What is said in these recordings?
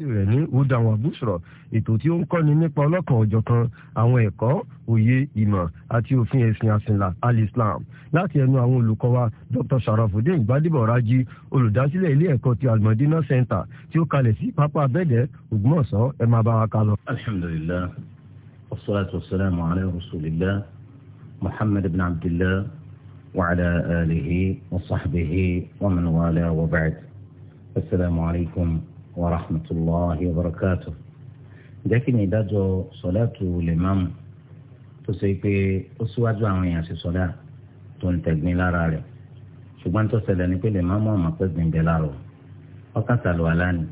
rẹ̀ ní udawa bushra ètò tí ó ń kọ́ni nípa ọlọ́kan ọ̀jọ̀kan àwọn ẹ̀kọ́ òye ìmọ̀ àti òfin ẹ̀sìn àsìnlá alislam láti ẹnu àwọn olùkọ́ wa dr sharafudin gbadebo olùdásílẹ̀ ilé ẹ̀kọ́ ti almadina center tí ó kalẹ̀ sí pápá abẹ́dẹ̀ ògbómọ̀ṣọ́ ẹ máa bá wa ká lọ. alhamdulilah wasalaatu wasalaamu ala rasulillah muhammad ibn abdillah wa ala alihi wa sahbihi wa man wala wa ba'd asalaamu alaykum wa rahmatulahi wa barakatu. jẹ́ kí ni ìdájọ́ sọ́láàtù lèmáàmù tó ṣe pé ó síwájú àwọn èèyàn sí sọ́láà tó ń tẹ̀gbìn lára rẹ̀ ṣùgbọ́n tó ṣẹlẹ̀ ni pé lèmáàmù ọ̀mà pẹ́ gbìn bẹ́ẹ̀ lára o ọkàn sàlùwàlá ni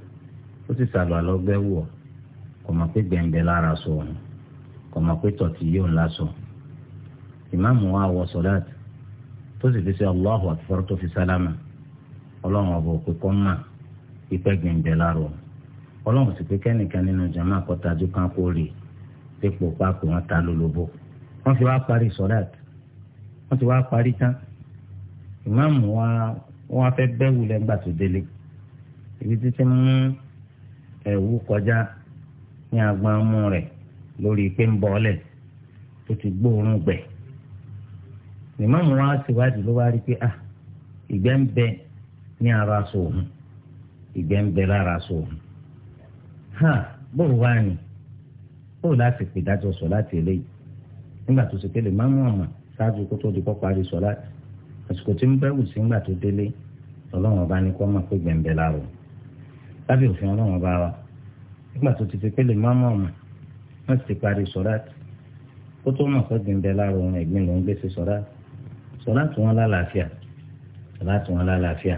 ó sì sàlùwàlá ọgbẹ́ wọ̀ kò mọ̀ pé gbẹ̀ǹbẹ̀ lára sọ òun kò mọ̀ pé tọ̀tì yóò ńlá sọ ìmáàmù wa wọ sọ́láàtì tó sì fi ṣe Allahu akbar tó fi sálámà ọlọ́run ọ̀bọ̀ òkú kọ́ máa pípẹ́ gbẹ̀ǹdẹ̀ lárò ọlọ́run sì pé kẹ́nìkan nínú jama kọ́tajú kan kó rè dípò pápẹ́ wọn ta lólobó wọ́n fi wá parí sọ́láàtì wọ́n ti wá parí tán ìmáàmù wa wọ́n á fẹ́ bẹ́wù lẹ́gbà tó délé ibi títí mú ẹ̀wù kọjá ní agbọ́n mú rẹ̀ lórí pé ń bọ́ọ̀lẹ̀ tó ti gbóòórùn gbẹ̀ ìmáàmù wa ṣèwádìí ló wá rí pé ah ìgbẹ́ ń bẹ ní ara sòun. So ìgbẹ́ ń bẹ lára sọ hàn bóun wá ní bóun láti pè dájọ́ sọ láti eléyìí nígbà tó ṣe pé lè má mú ọ̀mà ṣáájú kó tó di kọ́ parí sọ láti àsìkò tí ń bẹ́wù sí ńgbà tó délé ọlọ́run ọba ní kọ́ máa pé gbẹ̀ ń bẹ lára lábẹ́ òfin ọlọ́run ọba wa nígbà tó ti ṣe pé lè má mú ọ̀mà wọ́n ti parí sọ láti kó tó mọ̀ pé gbẹ̀ ń bẹ lára òun ẹ̀gbìn lòún gbé sí sọ láti sọ láti wọn lálàáfíà sọ láti wọn lálàáfíà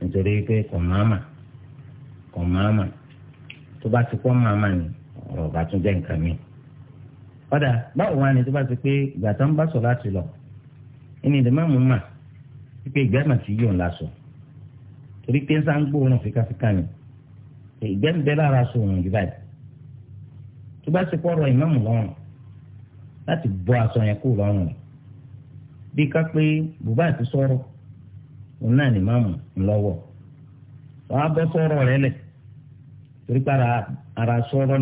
nítorí pé kò máàmà kò máàmà tó bá ti pọ́ máàmà ni ọ̀rọ̀ bá tún jẹ́ nǹkan mi. ọ̀dà báwo wá ni tó bá ti pé ìgbà tó ń bá sọ láti lọ ẹni ìdìmọ́mù mà pípé ìgbẹ́ mà ti yíyọ̀ ńlá sọ torí pé ń sá ń gbóòórùn fíkàfíkà ni ìgbẹ́ ń bẹ lára sọ òun yìí báyìí tó bá ti pọ̀ rọ ìmọ̀mù lọ́rùn láti bọ́ aṣọ yẹn kú lọ́rùn bí ká pé bùbá àti sọ́rọ̀ òun náà ní máàmù ńlọ́wọ́ wàá bọ́ sọ̀rọ̀ rẹ lẹ̀ torí ara sọrọ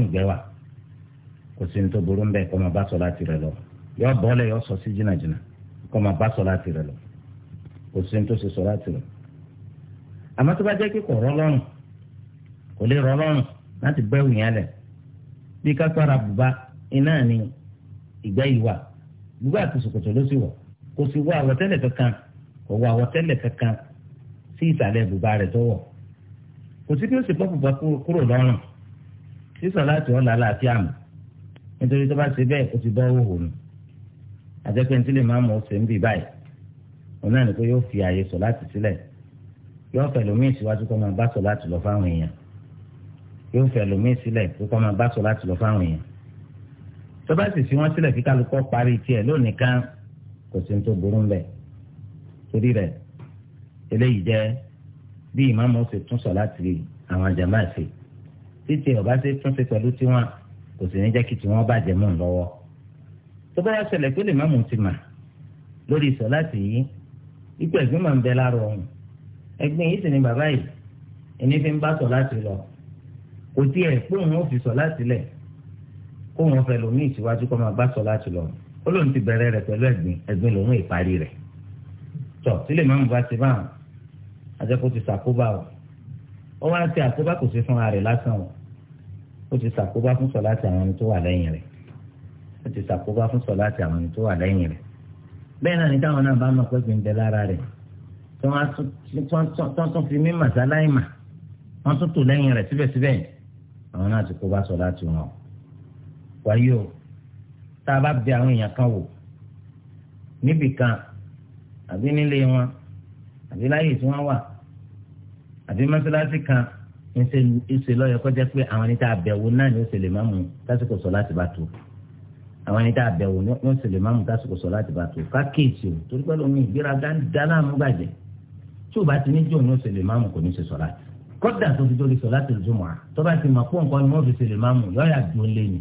kò sí ní tó burú ń yọ yọ sọ sí jìnnàjìnnà máa bá sọ láti rẹ lọ kò sí ní tó sọ láti rẹ àmọ́ tó bá jẹ́ kò lè yẹn bí bùbá iná ìgbẹ́ yìí wà bùbá àti sòkòtò ló sì kò wọ àwọ̀tẹ́lẹ̀ kankan sí ìsàlẹ̀ bùbá rẹ̀ tó wọ̀ kò sí kí ó sì bọ́ bùbá kúrò lọ́rùn sísọ láti ọ̀la láti àmì nítorí tó bá ṣe bẹ́ẹ̀ ó ti bọ́ òhò nù àjẹpẹ́ ní tílé máa mọ̀ ó ṣe ń bì báyìí òun náà ni pé yóò fi àyè sọ láti sílẹ̀ yóò fẹ́ lómìn síwájú kó máa bá sọ láti lọ fáwọn èèyàn yóò fẹ́ lómìn sílẹ̀ kó máa bá sọ láti lọ fáwọn èèyàn tó bá sì fi wọ́n sílẹ̀ kí parí tiẹ̀ lónìí kò sí ní tó burú bẹ́ẹ̀ torí rẹ̀ eléyìí jẹ́ bí ìmáàmù ṣe tún sọ láti àwọn jàmáà ṣe títí ọba ṣe tún ṣe pẹ̀lú tiwọn kò sì ní jẹ́ kí tiwọn bàjẹ́ mọ́ lọ́wọ́ tó bá yà ṣẹlẹ̀ pé lè má mú ti mà lórí sọ láti yìí ipò ẹ̀gbìn máa ń bẹ lára ọ̀hún ẹ̀gbìn yìí sì ni bàbá yìí ẹni fi ń bá sọ láti lọ kò tí ẹ̀ pé òun ò fi sọ láti lẹ̀ kó òun fẹ́ lomi ìṣíwájú kó máa bá sọ láti lọ ó lóun ti bẹ̀rẹ̀ rẹ̀ pẹ̀lú ẹ̀gbìn ẹ̀gbìn lòun ìparí rẹ̀ tọ̀ tílé máa ń bá ti bá wọn àjẹkù ti ṣàkóbá o ó wá ti àkóbá kò sí fúnra rẹ̀ lásán o ó ti ṣàkóbá fún sọ láti àwọn ẹni tó wà lẹ́yìn rẹ̀ ó ti ṣàkóbá fún sọ láti àwọn ẹni tó wà lẹ́yìn rẹ̀ bẹ́ẹ̀ náà ni táwọn náà bá mọ̀ pé gbìndẹ̀ lára rẹ̀ tí wọ́n tún fi mí màsáláìmà wọ́n tún tò lẹ́yìn rẹ̀ síbẹ̀síbẹ̀ àwọn náà ti kó bá sọ láti wọn wáyé o tá a bá bẹ àwọn èèyàn kan wò níbì àbí nílé wọn àbí láyè tí wọ́n wà àbí mọ́sálásí kan ìṣe lọ́yọ̀ kọjá pé àwọn ẹni tá a bẹ̀wò náà ni ó ṣe lè má mú lásìkò sọ láti bá tó àwọn ẹni tá a bẹ̀wò ni ó ṣe lè má mú lásìkò sọ láti bá tó ká kéèsì o torí pẹ́ lómi ìgbéraga ń láàmú gbàjẹ́ tí ò bá ti ní jòun ni ó ṣe lè má mú kò ní ṣe sọ láti kọ́dà tó fi dórí sọ láti lùdùmọ̀ à tó bá ti mọ̀ pọ̀ ni wọ́n fi ṣe lè má mú lọ́yà dùn lé ni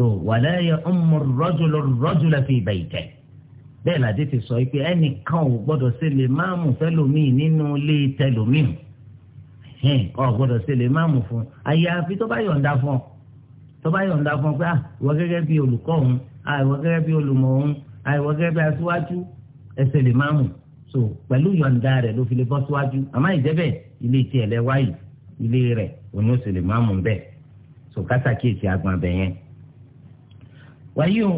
so wàlẹ́ yẹ ọmọ rọ́jùlọ rọ́jùlọ fi ìbẹ̀ ìtẹ̀ bẹ́ẹ̀ làdí ti sọ pé ẹnìkan ò gbọ́dọ̀ ṣe lè máàmù fẹ́lòmíì nínú ilé tẹlòmíì hẹ́n ò gbọ́dọ̀ ṣe lè máàmù fún àyàfi tó bá yọ̀ǹda fún ọ tó bá yọ̀ǹda fún ọ pé àìwọ ah, gẹ́gẹ́ bí olùkọ́ òun àìwọ ah, gẹ́gẹ́ bí olùmọ̀ òun àìwọ ah, gẹ́gẹ́ bí aṣíwájú ẹsẹ̀ lè máàmù so pẹ̀lú yọ̀ǹda rẹ̀ ló fi lè bọ́ síwájú àmọ́ ìjẹ́bẹ̀ ilé tiẹ̀ lẹ ilé rẹ̀ òun ó sì lè máàmù bẹ́ẹ̀ so kásàkíyèsí agbọ̀n abẹ wàyí o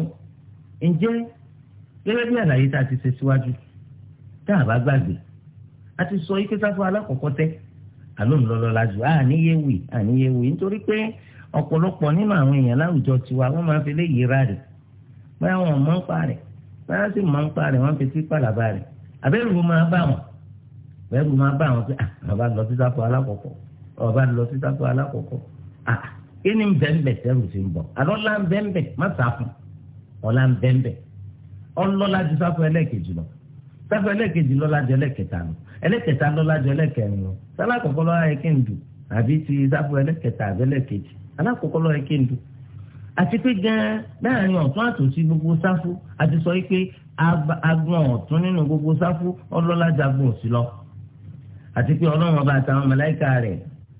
ǹjẹ́ gẹ́gẹ́ bí àlàyé tá a ti ṣe síwájú tá a bá gbàgbé a ti sọ ike sáfù alákọ̀ọ́kọ́ tẹ́ àló ńlọlọ́lá jù àníyéwì àníyéwì nítorí pé ọ̀pọ̀lọpọ̀ nínú àwọn èèyàn láwùjọ tiwa wọ́n máa fi léyìí ra rẹ̀ báyà wọn mọ̀ ń pa rẹ̀ báyà sì mọ̀ ń pa rẹ̀ wọ́n fi sí pàlàbà rẹ̀ àbẹ́rù máa bá wọn àbẹ́rù máa bá wọn pé àbá lọ lọ sí sáfù alákọ̀ọ́kọ́ kíni bẹ́ẹ̀nbẹ́ sẹ́rù ti ń bọ̀ àlọ́lá ń bẹ́ẹ̀nbẹ́ má sáfún ọ̀la ń bẹ́ẹ̀nbẹ́ ọlọ́lá ju sáfún ẹlẹ́ẹ̀kejì lọ sáfún ẹlẹ́ẹ̀kejì lọ́lá ju ẹlẹ́ẹ̀kẹta lọ ẹlẹ́ẹ̀kẹta lọ́lá ju ẹlẹ́ẹ̀kẹrin lọ sálákọ̀ọ́kọ́ lọ́la yẹ kí n dù àbí ti sáfún ẹlẹ́ẹ̀kẹta àbí ẹlẹ́ẹ̀kejì alákọ̀ọ́kọ́ lọ́la yẹ kí n dù àti pé gan-an láàrin ọ̀tún àtòsí gbogbo sáfù àti sọ pé agbọ̀n ọ̀tún nínú gbogbo sáfù ọlọ́lá jagun òsì lọ àti pé ọlọ́run ọba àtàwọn mọ̀láìkà rẹ̀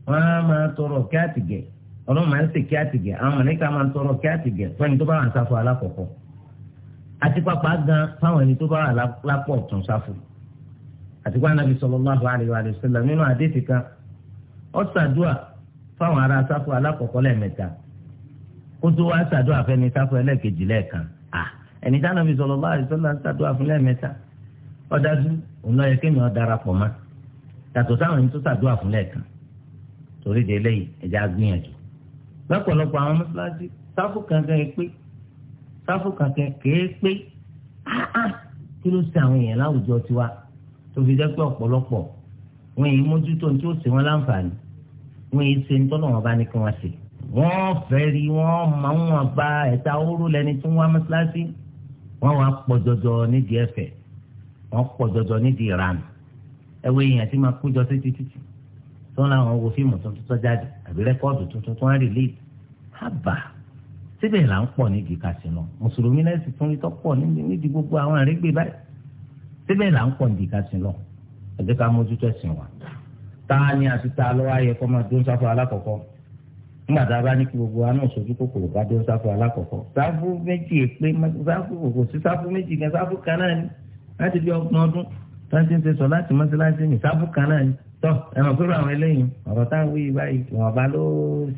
wọ́n á máa tọrọ kí àtìgẹ̀ẹ́ ọlọ́run máa ń ṣe kí àtìgẹ̀ àwọn mọ̀lẹ́kà máa ń tọrọ kí àtìgẹ̀ fẹ́ni tó bá wà ń sáfù alákọ̀ọ́kọ́ àti pápá gan fáwọn ẹni tó bá wà lápò ọ̀tún sáfù àti pé anabi sallallahu alaihi wa sallam nínú àdéhìí kan ó ṣàdúà fáwọn ará sáfù alákọ̀ọ́kọ́ lẹ́ẹ̀mẹ́ta kó tó wá ṣàdúà fẹ́ni sáfù ẹlẹ́ẹ̀kejì lẹ́ẹ̀kan ẹni tí anabi sallallahu alaihi wa sallam ṣàdúà fún lẹ́ẹ̀mẹ́ta ọ̀dájú òun ló yẹ kéèyàn darapọ̀ mọ́ yàtọ̀ sáwọn lọ́pọ̀lọpọ̀ àwọn mọ́sálásí sáfù kankan yẹn pé sáfù kankan kéé pé kí ló ṣe àwọn èèyàn láwùjọ tiwa tó fi jẹ́ pé ọ̀pọ̀lọpọ̀ wọn èyí mójútó tí ó ṣe wọn láǹfààní wọn èyí ṣe ń tọ́nà wọn bá ní kí wọ́n ṣe. wọ́n fẹ́ rí wọ́n máa ń wọn bá ẹ̀ta oró lẹni tí wọ́n mọ́sálásí wọ́n wá pọ̀ jọjọ nídìí ẹ̀fẹ̀ wọ́n pọ̀ jọjọ nídìí ìranù ẹ̀wọ̀ èèyàn ti máa kó jọ sí títí tó ń láwọn wo fíìmù tuntun tó jáde àbí rẹ́kọ́ọ̀dù tuntun tó ń rìlíìtì àbà síbẹ̀ là ń pọ̀ nídìí kàṣínà mùsùlùmí lẹ́sìn tó ń tọ́ pọ̀ nídìí gbogbo àwọn àrégbè báyìí síbẹ̀ là ń pọ̀ nídìí kàṣínà ẹ jẹ́ ká mójútó ẹ̀sìn wa táà ní àti tá a lọ́wọ́ ayẹ kọ́ máa dún sáfù alákọ̀ọ́kọ́ nígbà tá a bá ní kí gbogbo wa náà sojú kòkòrò ká dún sáfù alákọ̀ọ́kọ́ sáfù méjì èpè sáfù kòkò sí sáfù méjì gan sáfù kan náà ni láti bí ọgbọ̀n ọdún láti ń ṣe sọ láti mọ́sálásí tọ́ ẹ̀rọ sórí àwọn eléyìí ọ̀rọ̀ táwọn wí báyìí wọn bá ló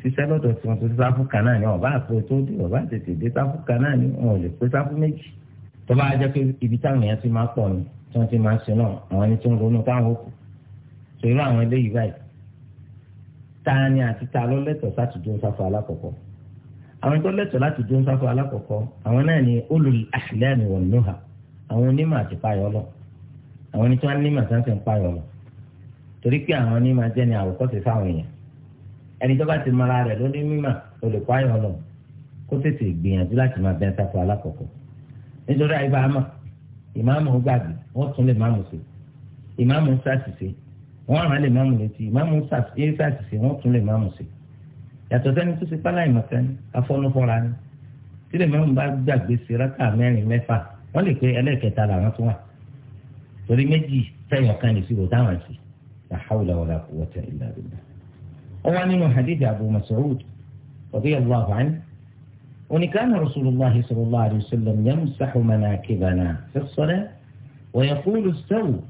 ṣiṣẹ́ lọ́dọ̀ tí wọ́n tó ti sáfù kan náà ni wọn bá àpò tó dé wọn bá tètè dé sáfù kan náà ni wọn ò lè pé sáfù méjì tó bá jẹ́ pé ibi táwọn èèyàn ti máa pọ̀ ni tí wọ́n ti máa ṣe náà àwọn ẹni tó ń ronú káwọn òkú sórí àwọn eléyìí báyìí ta ni àti ta ló lẹ́tọ̀ọ́ láti dún sáfù alákọ̀ọ́kọ́ àwọn tó lẹ́tọ̀ọ́ láti dún sáfù alákọ̀ọ́kọ́ àwọn náà ni ulul torí pé àwọn ní máa jẹ́ ní àwòkọ́ṣe fáwọn èèyàn ẹni tó bá ti mara rẹ̀ ló ní mímà olùkọ́ ayọ̀ lọ kó tètè gbìyànjú láti máa bẹ́ẹ̀ sáfù alákọ̀ọ́kọ́ nítorí àyíbá àmà ìmáàmù gbàgbé wọ́n tún lè máàmù sí ìmáàmù ń ṣàṣìṣe wọ́n rán lè máàmù létí ìmáàmù ń ṣàṣìṣe wọ́n tún lè máàmù sí yàtọ̀ sẹ́ni tó ti pálá ìmọ̀kan afọ́nufọ́ra ni tí lè máàmù bá gbàgbé sí rákà mẹ́rin mẹ́fà wọ́n lè pé ẹlẹ́ẹ̀kẹta làwọn لا حول ولا قوة إلا بالله أولا حديث أبو مسعود رضي الله عنه وإن كان رسول الله صلى الله عليه وسلم يمسح مناكبنا في الصلاة ويقول استووا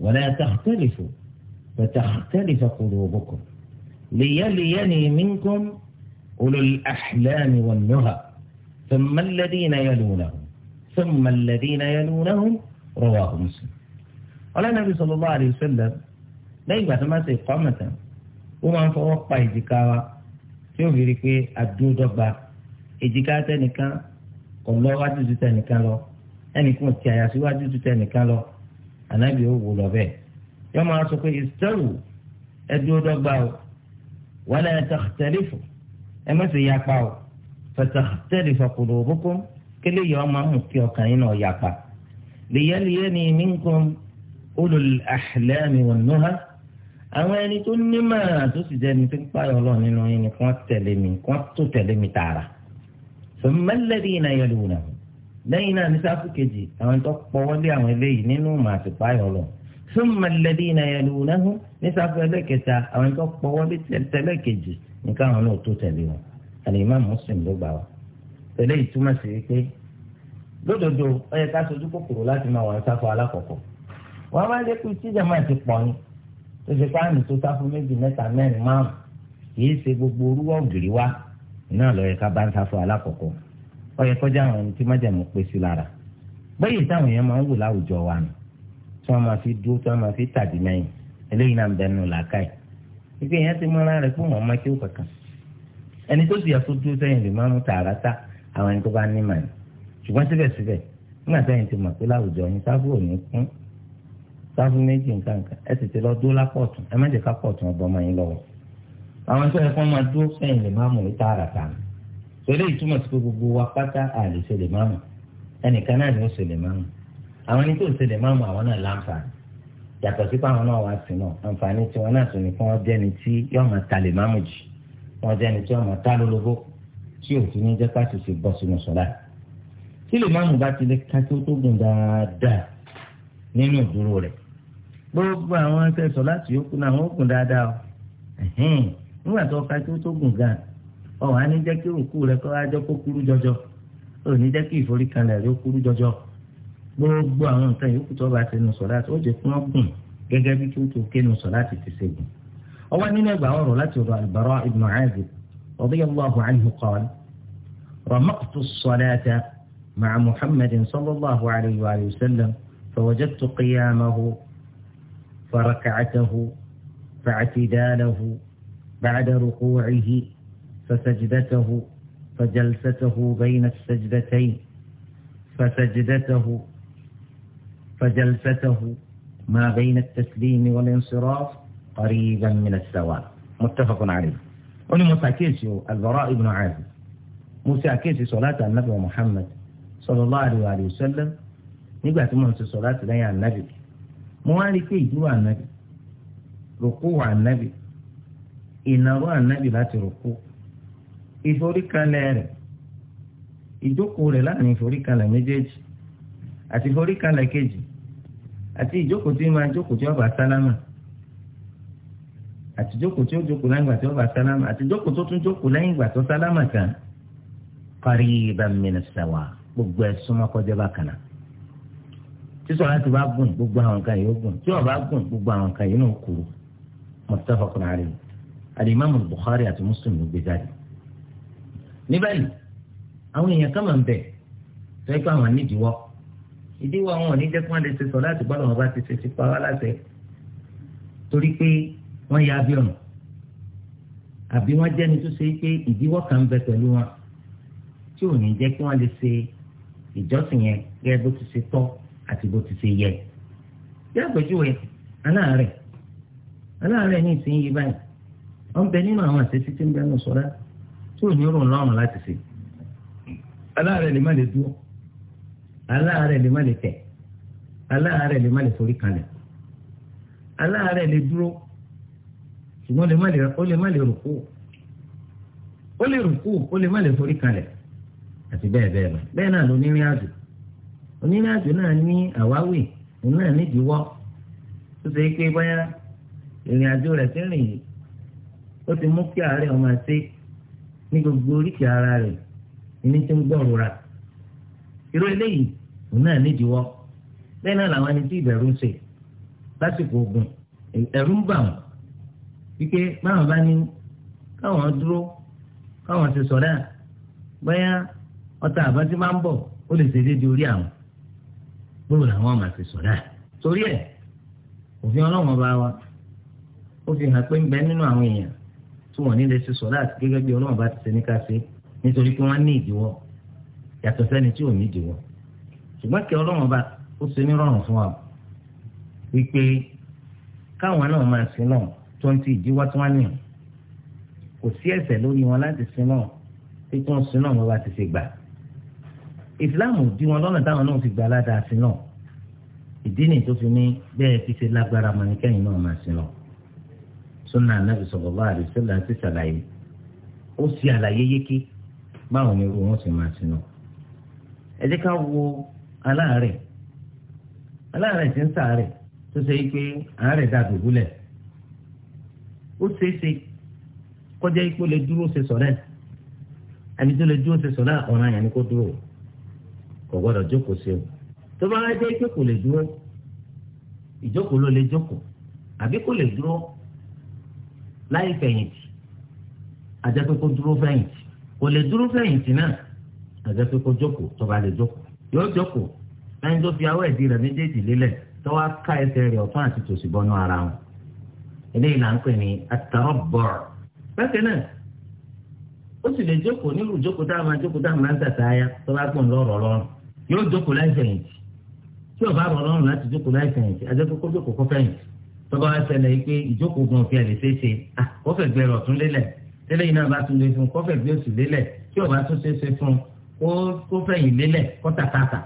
ولا تختلفوا فتختلف قلوبكم ليليني منكم أولو الأحلام والنهى ثم الذين يلونهم ثم الذين يلونهم رواه مسلم قال النبي صلى الله عليه وسلم lẹ́yìn ìgbà tó bá ṣe kọ́ àmọ̀tàn ó máa ń fọwọ́ pa èjìká wa tí ó fi rí i pé àdúródọ́gba èjìká tẹnìkan kò lọ wájú ju tẹnìkan lọ ẹnìkan ti àyà síwájú ju tẹnìkan lọ ànábì ó wò lọ bẹ́ẹ̀ yọ máa sọ pé ìsítẹ́rù ẹdúródọ́gba o wala takhtalifu ẹ má ṣe yapa o fatakhtalifa qulubukum kele yìí ọmọ ahùn kí ọkàn yín náà yapa liyaliyani minkum ulul ahlami wan nuha àwọn ẹni tó nímọ̀ tó sì jẹ́ ẹni tó ń pààyọ̀ ọlọ́run nínú yín ni wọ́n tẹ̀lé mi wọ́n tó tẹ̀lé mi tààrà sọmọlẹ́dì iná yẹn lò wùnà lẹ́yìn náà ní sáfù kejì àwọn tó pọ̀wọ́lé àwọn eléyìí nínú màtí pààyọ̀ ọlọ́run sọmọlẹ́dì iná yẹn lò wùnà ní sáfù ẹlẹ́kẹta àwọn tó pọ̀wọ́lé tẹ̀lẹ́ kejì nǹkan àwọn náà tó tẹ̀lé wọn àlè má mùsùlùmí ló gbà wá tó ṣe páànù tó sá fún méjì mẹ́ta mẹ́rin márùn kìí ṣe gbogbo orúwọ ògiri wa náà lọ yẹ ká bá ń sá fún alákọ̀ọ́kọ́ ó yẹ kọjá àwọn ẹni tí májàmú pé sí lára bẹ́ẹ̀ táwọn èèyàn máa ń wò láwùjọ wa nù tí wọ́n máa fi dúró tí wọ́n máa fi tàdí mẹ́yìn eléyìí náà ń bẹnu làákàyè ìgbé yẹn ti múra rẹ̀ fún ọmọ kí ó kankan ẹni tó sáfù méjì nǹkan kan ẹ sì ti lọ dúró lápọ̀tún ẹ má jẹ́ ká pọ̀tún ọgbọ́n máa yín lọ́wọ́ àwọn tó yẹ kó máa dúró sẹ́yìn lè máàmù ní tààràtà torí ìtumọ̀ sí pé gbogbo wa pátá àlè ṣe lè máàmù ẹnìkan náà ni ó ṣe lè máàmù àwọn ẹni tó ń ṣe lè máàmù àwọn náà láǹfààní yàtọ̀ sí pé àwọn náà wá sí náà àǹfààní tí wọn náà tún ní kí wọ́n jẹ́ni tí yóò máa ta lè máàmù jì wọ́n ni tí yóò máa ta lólobó tí òfin ní jẹ́ káṣí ṣe bọ́ sínú sọ́lá tí lè máàmù bá ti lè ká tó tó gùn dáadáa nínú ìdúró rẹ̀ gbogbo àwọn akẹ́sọ̀ láti yókù náà wọ́n kùn dáadáa o nígbà tó ka kí tó gùn ọ wà á kí òkú rẹ kọ́ ajọ́ kó kúrú jọjọ ó ní jẹ́ kí ìforíkanlẹ̀ rẹ kúrú jọjọ gbogbo àwọn nǹkan yòókù tó bá ti nù sọ láti ó jẹ kí gùn bí tó tó ké nù sọ láti ti ṣe gùn. nínú ẹgbàá láti ma'a Muhammadin فركعته فاعتداله بعد ركوعه فسجدته فجلسته بين السجدتين فسجدته فجلسته ما بين التسليم والانصراف قريبا من السواء متفق عليه وني مساكيسي البراء بن عازب مساكيسي صلاة النبي محمد صلى الله عليه وآله وسلم نبعت منه صلاة لي النبي mo wá rí pé ìdúró ànábì rògbò wà ànábì ìnáwó ànábì láti rògbò ìforíkalẹ̀ rẹ̀ ìjókòó rẹ̀ láàrin ìforíkalẹ̀ méjèèjì àti ìforíkalẹ̀ kejì àti ìjókòó tí máa jókòó tí ó bá sálámà àti jókòó tí ó jókòó lẹ́yìn ìgbà tí ó bá sálámà àti jókòó tó tún jókòó lẹ́yìn ìgbà tó sálámà kan qariban min as-sawa gbogbo ẹ̀ súnmọ́ kọjá bákan náà tí sọlá ti bá gùn gbogbo àwọn nǹkan yìí ó gùn tí ó bá gùn gbogbo àwọn nǹkan yìí náà kúrò muttafaqun alayhi alimami Bukhari àti Muslim ló gbé jáde. ní báyìí àwọn èèyàn kan máa ń bẹ tó yẹ kó àwọn nídìíwọ́ ìdíwọ́ àwọn òní jẹ́ kí wọ́n lè ṣe sọ láti gbọ́dọ̀ wọn bá ti ṣe ti pa wá láṣẹ torí pé wọ́n ya bí ọ̀nà àbí wọ́n jẹ́ni tó ṣe pé ìdíwọ́ kan bẹ pẹ̀lú wọn tí ò ní jẹ́ kí wọ́n lè ṣe ìjọsìn yẹn gẹ́gẹ́ bó ti ṣe tọ́ àti bó ti ṣe yẹ bí àpèjúwe aláàárẹ̀ aláàárẹ̀ ní ìsinyìí báyìí wọ́n ń bẹ nínú àwọn àṣẹṣí tí ń bẹ nù sọ́ra tí ò ní rùn lọ́rùn láti ṣe aláàárẹ̀ lè má lè dúró aláàárẹ̀ lè má lè tẹ̀ aláàárẹ̀ lè má lè forí kalẹ̀ aláàárẹ̀ lè dúró ṣùgbọ́n ó lè má lè rùkú ó lè rùkú ó lè má lè forí àti náà ló ní onírìnàjò náà ní àwáwì òun náà nídìíwọ́ tó ṣe pé bóyá ìrìn àjò rẹ̀ ti rìn yìí ó ti mú kí àárẹ̀ ọmọ ṣe ní gbogbo oríkì ara rẹ̀ ìní tí ń gbọ̀rọ̀ra irú eléyìí òun náà nídìíwọ́ bẹ́ẹ̀ náà làwọn ẹni tí ìbẹ̀rù ń ṣe lásìkò ogun ẹ̀rù ń bà wọ́n wípé báwọn bá ní káwọn dúró káwọn ti sọ̀rọ̀ bóyá ọta àbájú máa ń bọ̀ ó lè ṣe déédéé bóòlù làwọn máa ti sọ̀dá torí ẹ̀ òfin ọlọ́wọ́n bá wa ó fi hàn pé ń bẹ nínú àwọn èèyàn tí wọ́n nílé ti sọ̀dá gẹ́gẹ́ bí ọlọ́wọ́n bá ti ṣe ní ká ṣe nítorí pé wọ́n ní ìdíwọ́ yàtọ̀ sẹ́ni tí ò ní ìdíwọ́ ṣùgbọ́n kí ọlọ́wọ́n bá ó ṣe nírọ̀rùn fún wa wípé káwọn náà máa sin náà tó ń ti ìdíwọ́ tí wọ́n ní kò sí ẹ̀ṣẹ̀ lórí wọn láti sin náà tí wọ́n sin náà wọ́n bá ti ṣe gbà ìsìláàmù dí wọn lọ́nà táwọn náà ti gbà ládàá sí náà ìdí nìyí tó fi ní bẹ́ẹ̀ fi ṣe lágbára mọ́ nìkẹ́yìn náà máa sí náà sunna anabi sallallahu alaihi wasallam ti ṣàlàyé ó ṣe àlàyé yékè báwọn ni irú wọn sì máa sí náà ẹ jẹ́ ká wo aláàárẹ̀ aláàárẹ̀ ti ń ṣàárẹ̀ tó ṣe pé àárẹ̀ dà dùbúlẹ̀ ó ṣeé ṣe kọjá ipò lè dúró ṣe sọ̀rẹ́ ẹni tó lè dúró ṣe sọ̀rẹ́ ọ̀ràn yẹn ni kó dúró kò gbọ́dọ̀ jókòó sí o tó bá wá jẹ́ pé kò lè dúró ìjókòó ló lè jókòó àbí kò lè dúró láì fẹ̀yìntì àjẹpé kó dúró fẹ̀yìntì kò lè dúró fẹ̀yìntì náà àjẹpé kó jókòó tó bá lè jókòó yóò jókòó ẹni tó fi awọ ẹ̀dí rẹ̀ méjèèjì lélẹ̀ tó wá ká ẹsẹ̀ rẹ̀ ọ̀tún àti tòsì bọ́nú ara wọn eléyìí là ń pè ní atarọ́bọ̀ bákan náà ó sì lè jókòó nílùú jókòó dáhùn yóò jókòó láì fẹ̀yìntì tí ọba rọrùn láti jókòó láì fẹ̀yìntì adékòkò jókòó kọ́ fẹ̀yìntì tọ́ba wa ṣẹlẹ̀ yìí pé ìjókòó gan fi àlè ṣeéṣe kọ́fẹ̀ gbẹ rọ̀ tún lélẹ̀ tẹ́lẹ̀ yìí náà bá tún lé fún kọ́fẹ̀ gbé oṣù lélẹ̀ tí ọba tún ṣeéṣe fún kó fẹ̀yìn lélẹ̀ kọ́tàkàtà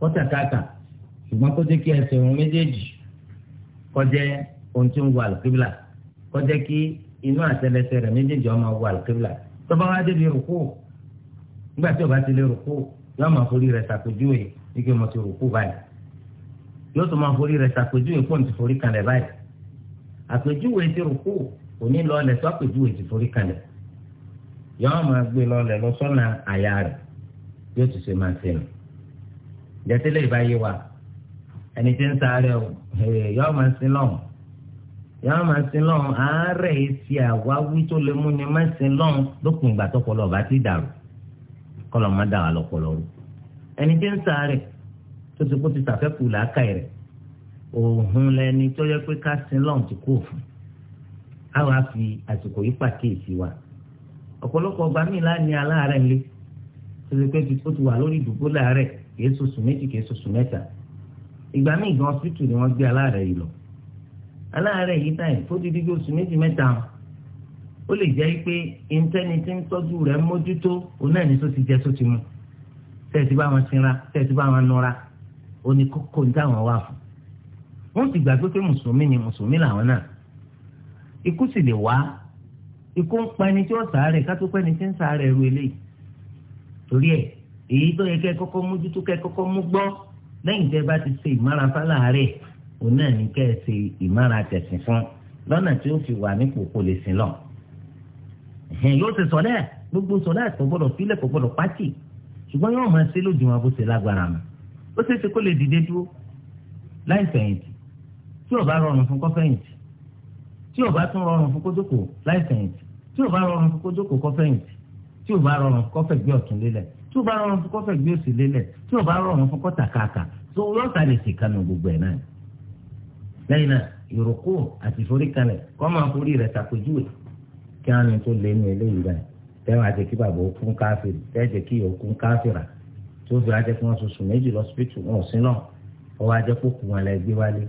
kọ́tàkàtà ṣùgbọ́n kó jẹ́ kí ẹsẹ̀ òun méjèèjì kọjẹ́ ohun tí ń wọ àlùkíbìlà kọjẹ́ kí inú àtẹlẹsẹ̀ rẹ̀ méjèèjì ọmọ wọ àlùkíbìlà tọ́ba wa débi rùkú nígbà tí ọba ti lé rùkú yóò máa forí rẹ̀ ṣàpèjúwe wípé mo ti rùkú báyìí yóò tún máa forí rẹ̀ ṣàpèjúwe pọ̀ ti forí kalẹ̀ báyìí àpèjúwe ti rùkú òní lọ́ọ̀lẹ̀ tó àpèjúwe ti forí kalẹ̀ yóò máa gbé lọ́ọ̀lẹ̀ lọ sọ́nà àyà rẹ̀ yóò tún ṣe máa ṣe nù jẹ́tẹ́lẹ̀ ìbáyé wa ẹni tí ń sáré o yóò máa sin lọ́hùn yàrá máa sin lọ́hùn àárẹ̀ èsì àwáwí tó lè mú ni máa sin lọ́hùn lópin ìgbà tọpọlọ bá kọlọ̀ má dà wà lọ́pọ̀lọ́ rú ẹni tí ń sàárẹ̀ tó ti kó ti sàfẹ́kù làákàyè rẹ̀ òhun lẹni tó yẹ pé ká sin lọ́hùn ti kú òfin á wàá fi àsìkò yìí pàkíyèsí wa ọ̀pọ̀lọpọ̀ ọba míì láàní aláàárẹ̀ ńlẹ̀ tó ti pé ó ti wà lórí ìdúgbò láàárẹ̀ kìí sọ̀sùn méjì kìí sọ̀sùn mẹ́ta ìgbà míì gan ọsibítù ni wọ́n gbé aláàárẹ̀ yìí lọ aláàárẹ̀ yìí táyì tó ti di bí méjì mẹ́ta hàn ó lè jẹ́ pé ìńtẹ́ni tí ń tọ́jú rẹ̀ mójútó òun náà ní tó ti jẹ tó ti mu tẹ̀sí bá wọn sinra tẹ̀sí bá wọn nura ó ní kókó ní táwọn wà fún. wọ́n ti gbàgbé pé mùsùlùmí ni mùsùlùmí làwọn náà ikú sì lè wá ikú ń pa ẹni tí ó sàárẹ̀ ká tó pẹ́ ẹni tí ń sàárẹ̀ ru eléyìí torí ẹ̀ èyí tó yẹ kẹ́ kọ́kọ́ mójútó kẹ́ kọ́kọ́ mú gbọ́ lẹ́yìn tẹ́ bá ti ṣe ìmára fáláàárẹ̀ òun náà ní kẹ́ ẹ ṣe ìmára tẹ̀sìn fún lọ́nà tí ó fi wà nípò kò lè sìn lọ́ọ̀ yóò ṣe sọ̀lẹ́ gbogbo sọ̀lẹ́ kò gbọ́dọ̀ sílẹ̀ kò gbọ́dọ̀ pátì ṣùgbọ́n yóò máa ṣe lójú wọn bó ṣe lágbára mọ́ ó ṣeé ṣe kó lè dìde dúró láì fẹ̀yìntì tí ò bá rọrùn fún kó fẹ̀yìntì tí ò bá tún rọrùn fún kó jókòó láì fẹ̀yìntì tí ò bá rọrùn fún kó jókòó kó fẹ̀yìntì tí ò bá rọrùn fún kó fẹ̀gbẹ́ ọ̀tún lélẹ̀ tí ò bá rọrùn fún kó fẹ̀gbẹ́ òsì lélẹ̀ tí ò bá rọrùn fún kó tàkàkà tó yọ̀ọ̀ta lè ṣèkànnì gbogbo ẹ̀ náà lẹ́yìn náà ìrókò àti ìforíkalẹ̀ kó máa forí rẹ̀ tàpéjúwe kí á ní tó lé ní eléyìí rẹ̀ tẹ́wọ́n àti kí bàbá ó kún káfíìrì tẹ́jẹ̀ kí ó kún káfíìrà tó fi ajẹ́ kí wọ́n sọ̀sọ̀ méjì lọ́sibítù wọn ò sí náà ọwọ́ ajẹ́ kó kù wọn lẹ gbé wálé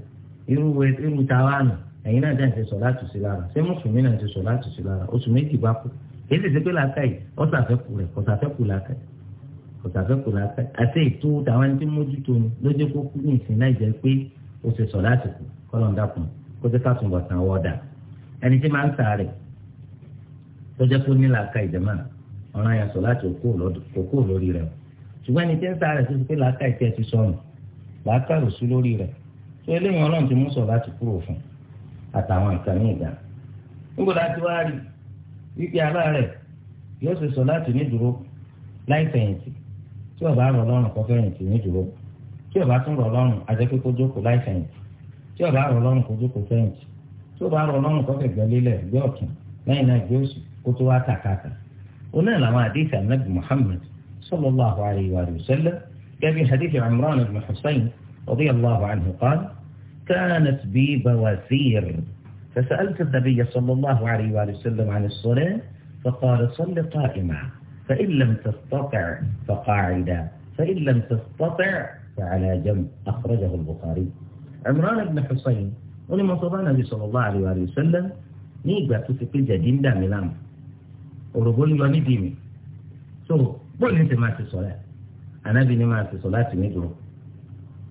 irú irú ta wà nù ẹ̀yin náà dáhùn ṣe sọ láti sí lára ṣé mùsùlùmí náà ṣe sọ láti sí lára oṣù méjì bá kú èyí ṣe pé làákàyè ọ̀sàfẹ́kù rẹ̀ ọ̀sàfẹ́kù làákàyè ọ̀sàfẹ́kù làákàyè àti ètò táwọn ẹni tí mójútó ni ló jẹ́ kó kú ní ìsìn náà jẹ́ pé ó ṣe sọ láti kù kọ́lọ́ńdà kù kó jẹ́ ká tún bọ̀ tán ẹni tí máa ń sàárẹ̀ tọ́jà tó ní làákà ìjàmà ọ̀ràn yẹn sọ láti òkú lórí rẹ̀ ṣùgbọ́n ẹni tí ń sáré sí pé làákà ìtì ẹ̀ ti sọnù làákà rò sí lórí rẹ̀ tó eléyìí ọlọ́run ti mú sọ láti kúrò fún àtàwọn nǹkan ní ìgbà níbo láti wá rí wípé aláàárẹ̀ yóò ṣe sọ láti nídúró láì fẹ̀yìntì tí ó bá rọ̀ lọ́rùn kó fẹ̀yìntì nídúró tí ó tún rọ̀ lọ́rùn ajẹ́ pé kó jókòó láì fẹ̀yìntì tí ó bá rọ̀ kó jókòó fẹ̀yìntì tí ó bá rọ̀ lọ́rùn fẹ̀gbẹ́ lélẹ̀ gbé ọ̀tún lẹ́yìn náà gbé òsì خطوات tó wá kàkàkà حديث النبي محمد صلى الله عليه وآله وسلم wa في حديث عمران بن حسين رضي الله عنه قال كانت بي بواسير فسألت النبي صلى الله عليه وآله وسلم عن الصلاة فقال صل قائما فإن لم تستطع فقاعدا فإن لم تستطع فعلى جنب أخرجه البخاري عمران بن حسين ولما صلى النبي صلى الله عليه وآله وسلم نيجا تسقي جديدا من أمر òrògbó ń yọ nídìí mi so bóyá ní ti máa ti sọ̀rọ̀ ànábì ní máa ti sọ láti ní dúró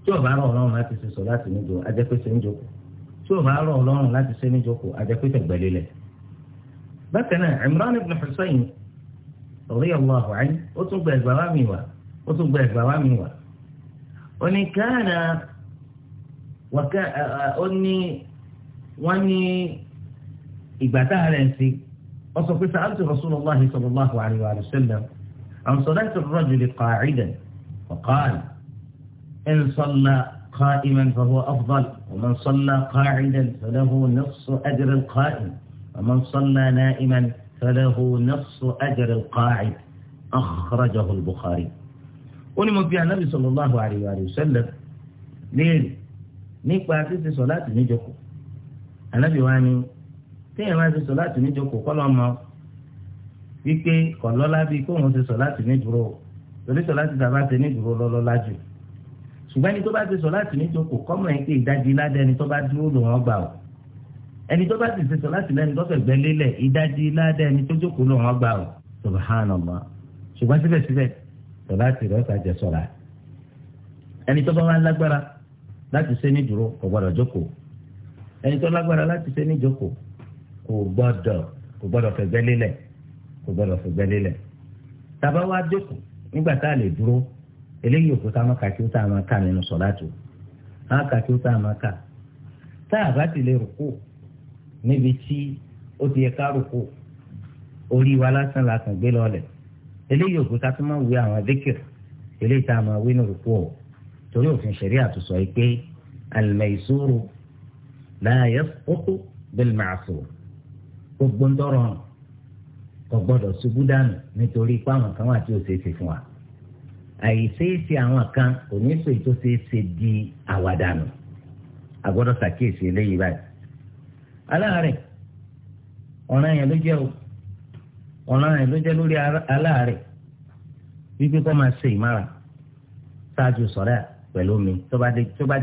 tí ò bá rọ̀ ọlọ́run láti ṣe sọ láti ní dúró ajẹ́pẹ́sẹ̀ ń jókòó tí ò bá rọ̀ láti ṣe ní jókòó ajẹ́pẹ́sẹ̀ gbẹ̀lélẹ̀. bákan náà Imran ibn Husayn radiyallahu anhu ó tún gba ẹgbàá wá mi wá ó tún gba ẹgbàá wá mi wá. oníkàánà wọ́n ní ìgbà táà rẹ̀ ń sí فصف سألت رسول الله صلى الله عليه وآله وسلم عن صلاة الرجل قاعدا فقال إن صلى قائما فهو أفضل ومن صلى قاعدا فله نص أجر القائم ومن صلى نائما فله نص أجر القاعد أخرجه البخاري قولي مبيع النبي صلى الله عليه وآله وسلم ليه نيك بأسيس صلاة نيجوكو النبي واني téèyàn máa ṣe sọ láti níjókòó kọ́ lọ́mọ wípé kọ̀ lọ́lá bíi kó òun ṣe sọ láti nídúró torí sọ láti tàbá ṣe nídúró lọ́lọ́lá jù ṣùgbọ́n ẹni tó bá ṣe sọ láti níjókòó kọ́mọ̀ ẹ̀ pé ìdajì ládẹ́ ẹni tó bá dúró lò wọ́n gbà ó ẹni tó bá sì ṣe sọ láti lẹ́nu tó fẹ̀gbẹ́ lélẹ̀ ìdajì ládẹ́ ẹni tó jókòó lò wọ́n gbà ó ṣùgbọ́n ẹni tó lágbára láti ṣe nídúró kò kò gbọ́dọ̀ kò gbọ́dọ̀ fẹ̀gbẹ́ lélẹ̀ kò gbọ́dọ̀ fẹ̀gbẹ́ lélẹ̀ tàbá wa dẹ́kù nígbà tá a lè dúró eléyìí òkú tá a máa kà kí ó tá a máa kà nínú sọ̀láàtù á kà kí ó tá a máa kà tá a bá ti lè rùkú níbi tí ó ti yẹ ká rùkú orí wa lásán la gbé lọ́lẹ̀ eléyìí òkú tá máa wí àwọn adékèrè eléyìí tá máa wí ní rùkú o torí òfin ṣẹ̀rí àtúnṣọ yìí pé al-maysuru la yasqutu bil-ma'sur gbogbo ń tọrọ hàn kò gbọdọ̀ ṣubú dànù nítorí pé àwọn kan wà tí ò ṣeé ṣe fún wa àìṣeéṣe àwọn kan kò ní sọ èyí tó ṣeé ṣe di àwàdànù àgbọdọ̀ ṣàkíyèsí eléyìí báyìí aláàárẹ̀ ọ̀ràn yẹn ló jẹ́ o ọ̀ràn yẹn ló jẹ́ lórí aláàárẹ̀ wípé kó máa ṣe ìmára ṣáájú sọ̀rọ̀ pẹ̀lú mi tó bá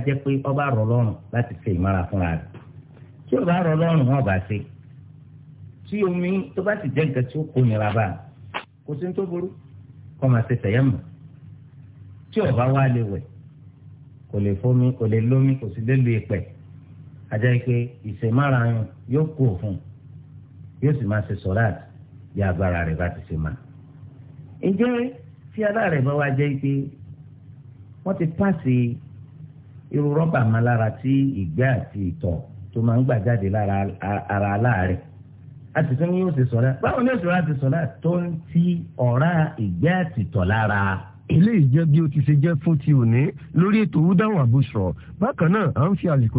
jẹ́ pé ọba rọ̀ lọ́rùn láti ṣe ìmára fúnra rẹ̀ tí ọba rọ̀ lọ́rùn wọn ò bá ṣe tí omi tó bá sì jẹ́ nǹkan tí ó kó nira bá kò sí ní tó burú kọ́ máa ṣe tẹ̀yẹ́mù tí ó bá wá lè wẹ̀ kò lè fomi kò lè lómi kò sì lè lu ìpẹ́ ajá yìí pé ìṣèmára yóò kú òfun yóò sì máa ṣe sọ́láàtì bí agbára rẹ̀ bá ti ṣe máa. ǹjẹ́ tí aláàrẹ̀ bá wá jẹ́ pé wọ́n ti pàṣẹ irú rọ́bà máa lára tí ìgbẹ́ àti ìtọ̀ tó máa ń gbà jáde lára ara aláàrẹ̀ àti tún ní yóò ṣe sọ̀rọ̀ báwo ni òṣèlú àti sọ̀rọ̀ tó ń ti ọ̀rá ìgbẹ́ àtìtọ̀ lára. eléyìí jẹ́ bí ó ti ṣe jẹ́ fún ti òní lórí ètò wúdáhùn àbúṣọ bákan náà à ń fi àlè